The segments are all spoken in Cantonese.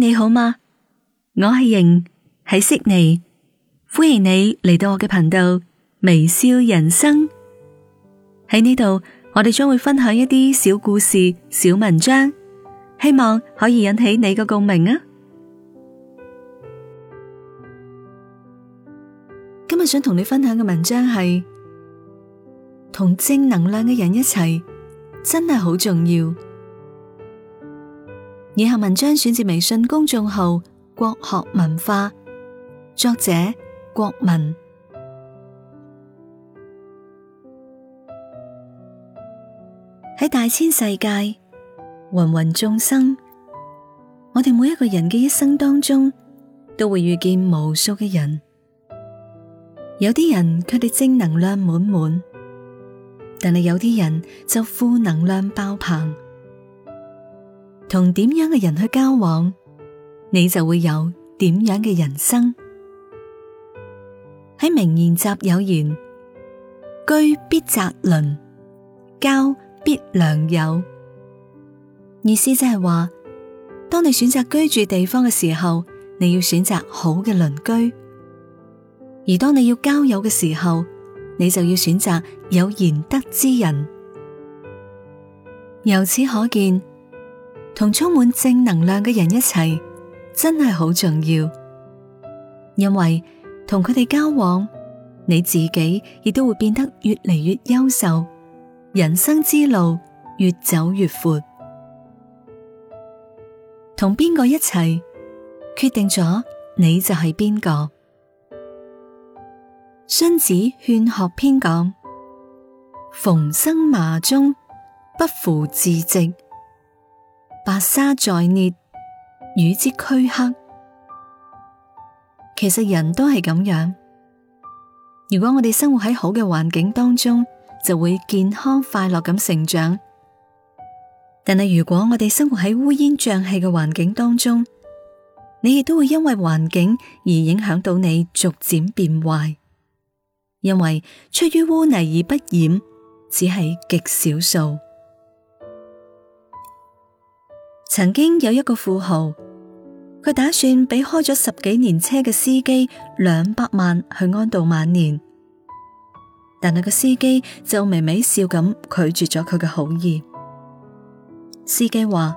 你好嗎？我係瑩，喺悉尼，歡迎你嚟到我嘅頻道微笑人生。喺呢度，我哋將會分享一啲小故事、小文章，希望可以引起你嘅共鳴啊！今日想同你分享嘅文章係同正能量嘅人一齊，真係好重要。以下文章選自微信公眾號《國學文化》，作者國文。喺大千世界，芸芸眾生，我哋每一個人嘅一生當中，都會遇見無數嘅人。有啲人佢哋正能量滿滿，但係有啲人就負能量爆棚。同點樣嘅人去交往，你就會有點樣嘅人生。喺名言集有言：居必擇鄰，交必良友。意思即係話，當你選擇居住地方嘅時候，你要選擇好嘅鄰居；而當你要交友嘅時候，你就要選擇有賢德之人。由此可見。同充滿正能量嘅人一齊，真係好重要。因為同佢哋交往，你自己亦都會變得越嚟越優秀，人生之路越走越闊。同邊個一齊，決定咗你就係邊個。荀子勸學篇講：蓬生麻中，不扶自直。白沙在涅，與之俱黑。其實人都係咁樣。如果我哋生活喺好嘅環境當中，就會健康快樂咁成長。但係如果我哋生活喺烏煙瘴氣嘅環境當中，你亦都會因為環境而影響到你，逐漸變壞。因為出於污泥而不染，只係極少數。曾經有一個富豪，佢打算俾開咗十幾年車嘅司機兩百萬去安度晚年，但係個司機就微微笑咁拒絕咗佢嘅好意。司機話：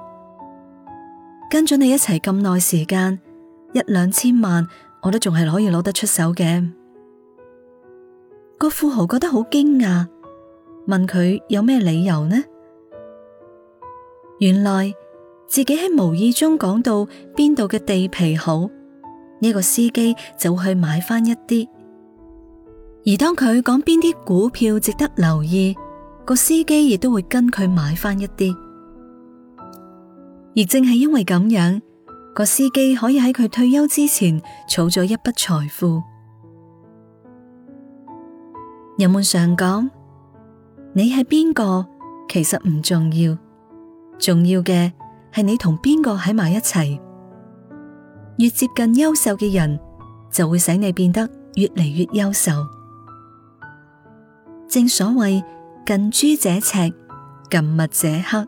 跟咗你一齊咁耐時間，一兩千萬我都仲係可以攞得出手嘅。個富豪覺得好驚訝，問佢有咩理由呢？原來。自己喺無意中講到邊度嘅地皮好，呢個司機就去買翻一啲；而當佢講邊啲股票值得留意，個司機亦都會跟佢買翻一啲。而正係因為咁樣，個司機可以喺佢退休之前儲咗一筆財富。人們 常講，你係邊個其實唔重要，重要嘅。係你同邊個喺埋一齊，越接近優秀嘅人，就會使你變得越嚟越優秀。正所謂近朱者赤，近墨者黑。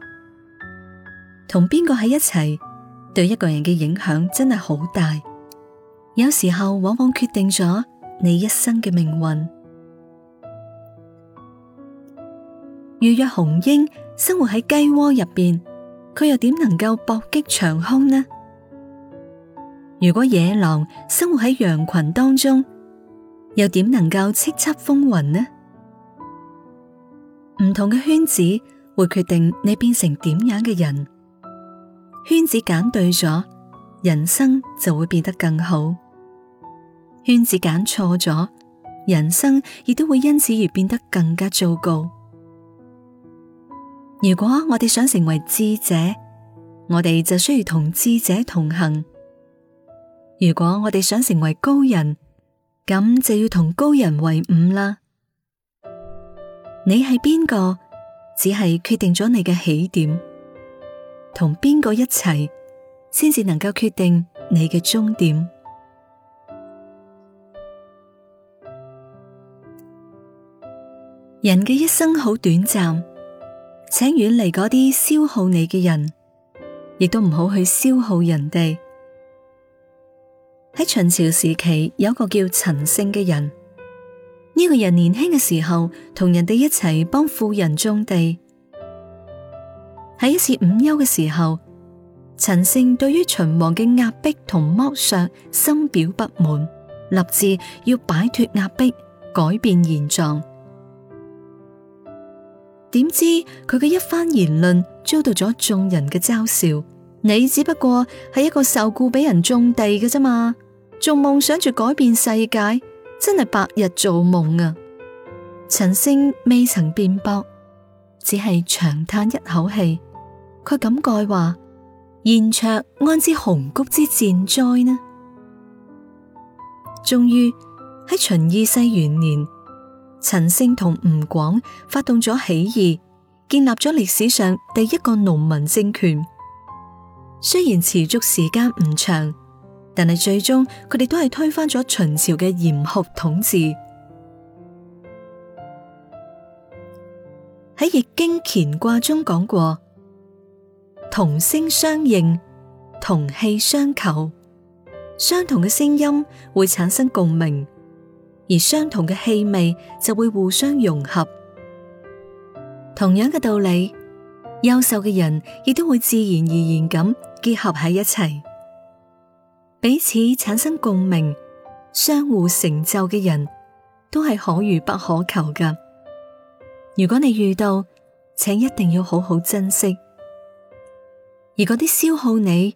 同邊個喺一齊，對一個人嘅影響真係好大，有時候往往決定咗你一生嘅命運。如若雄鷹生活喺雞窩入邊。佢又點能夠搏擊長空呢？如果野狼生活喺羊群當中，又點能夠叱咤風雲呢？唔同嘅圈子會決定你變成點樣嘅人，圈子揀對咗，人生就會變得更好；圈子揀錯咗，人生亦都會因此而變得更加糟糕。如果我哋想成為智者，我哋就需要同智者同行；如果我哋想成為高人，咁就要同高人為伍啦。你係邊個，只係決定咗你嘅起點；同邊個一齊，先至能夠決定你嘅終點。人嘅一生好短暫。請遠離嗰啲消耗你嘅人，亦都唔好去消耗人哋。喺秦朝時期，有一個叫陳勝嘅人，呢、這個人年輕嘅時候同人哋一齊幫富人種地。喺一次午休嘅時候，陳勝對於秦王嘅壓迫同剝削深表不滿，立志要擺脫壓迫，改變現狀。點知佢嘅一番言論遭到咗眾人嘅嘲笑。你只不過係一個受僱俾人種地嘅啫嘛，仲夢想住改變世界，真係白日做夢啊！陳勝未曾辯駁，只係長嘆一口氣。佢感慨話：燕雀安知鴻鵠之志哉呢？終於喺秦二世元年，陳勝同吳廣發動咗起義，建立咗歷史上第一個農民政權。雖然持續時間唔長，但係最終佢哋都係推翻咗秦朝嘅嚴酷統治。喺易經乾卦中講過：同聲相應，同氣相求，相同嘅聲音會產生共鳴。而相同嘅氣味就會互相融合，同樣嘅道理，優秀嘅人亦都會自然而然咁結合喺一齊，彼此產生共鳴，相互成就嘅人都係可遇不可求㗎。如果你遇到，請一定要好好珍惜。而嗰啲消耗你，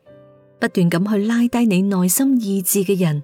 不斷咁去拉低你內心意志嘅人。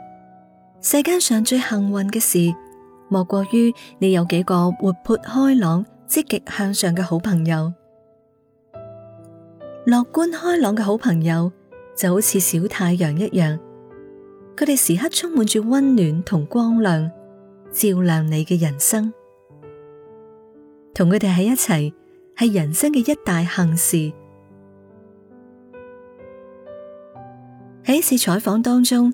世界上最幸運嘅事，莫過於你有幾個活潑開朗、積極向上嘅好朋友。樂觀開朗嘅好朋友就好似小太陽一樣，佢哋時刻充滿住溫暖同光亮，照亮你嘅人生。同佢哋喺一齊，係人生嘅一大幸事。喺一次採訪當中，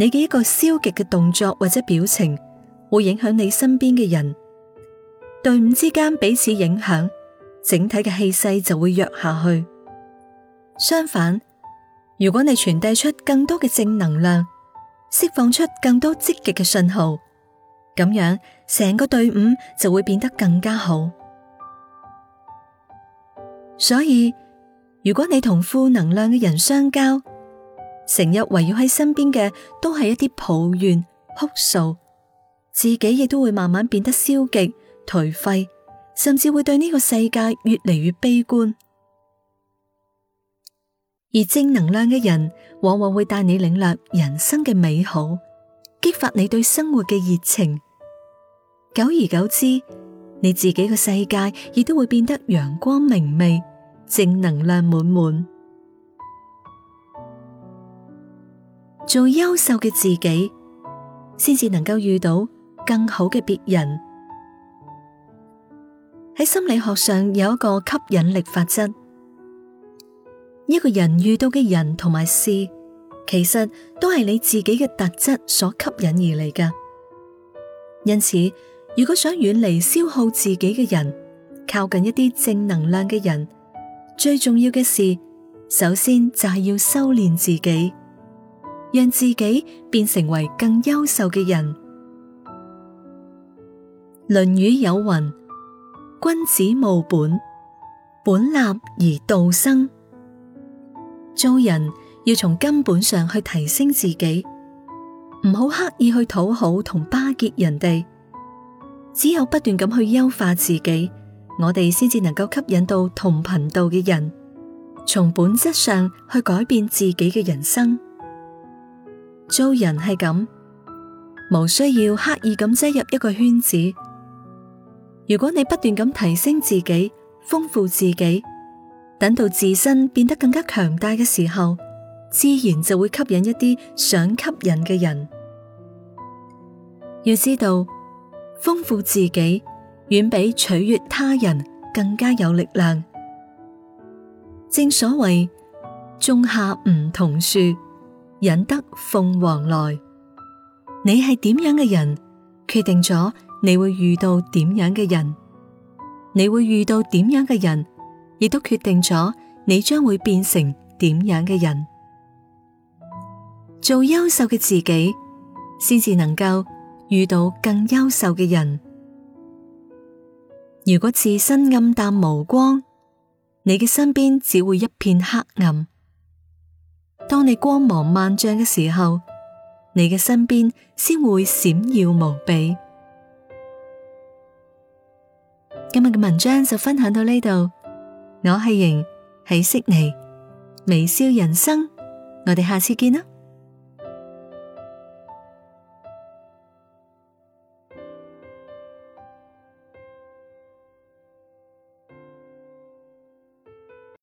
你嘅一個消極嘅動作或者表情，會影響你身邊嘅人。隊伍之間彼此影響，整體嘅氣勢就會弱下去。相反，如果你傳遞出更多嘅正能量，釋放出更多積極嘅信號，咁樣成個隊伍就會變得更加好。所以，如果你同負能量嘅人相交，成日圍繞喺身邊嘅都係一啲抱怨、哭訴，自己亦都會慢慢變得消極、頹廢，甚至會對呢個世界越嚟越悲觀。而正能量嘅人，往往會帶你領略人生嘅美好，激發你對生活嘅熱情。久而久之，你自己嘅世界亦都會變得陽光明媚，正能量滿滿。做優秀嘅自己，先至能夠遇到更好嘅別人。喺心理學上有一個吸引力法則，一個人遇到嘅人同埋事，其實都係你自己嘅特質所吸引而嚟㗎。因此，如果想遠離消耗自己嘅人，靠近一啲正能量嘅人，最重要嘅事，首先就係要修煉自己。讓自己變成為更優秀嘅人，《論語》有云：君子務本，本立而道生。做人要從根本上去提升自己，唔好刻意去討好同巴結人哋。只有不斷咁去優化自己，我哋先至能夠吸引到同頻道嘅人，從本質上去改變自己嘅人生。做人係咁，無需要刻意咁擠入一個圈子。如果你不斷咁提升自己，豐富自己，等到自身變得更加強大嘅時候，自然就會吸引一啲想吸引嘅人。要知道，豐富自己遠比取悅他人更加有力量。正所謂，種下梧桐樹，引得鳳凰來，你係點樣嘅人，決定咗你會遇到點樣嘅人，你會遇到點樣嘅人，亦都決定咗你將會變成點樣嘅人。做優秀嘅自己，先至能夠遇到更優秀嘅人。如果自身暗淡無光，你嘅身邊只會一片黑暗。當你光芒萬丈嘅時候，你嘅身邊先會閃耀無比。今日嘅文章就分享到呢度，我係瑩，喺悉尼，微笑人生，我哋下次見啦。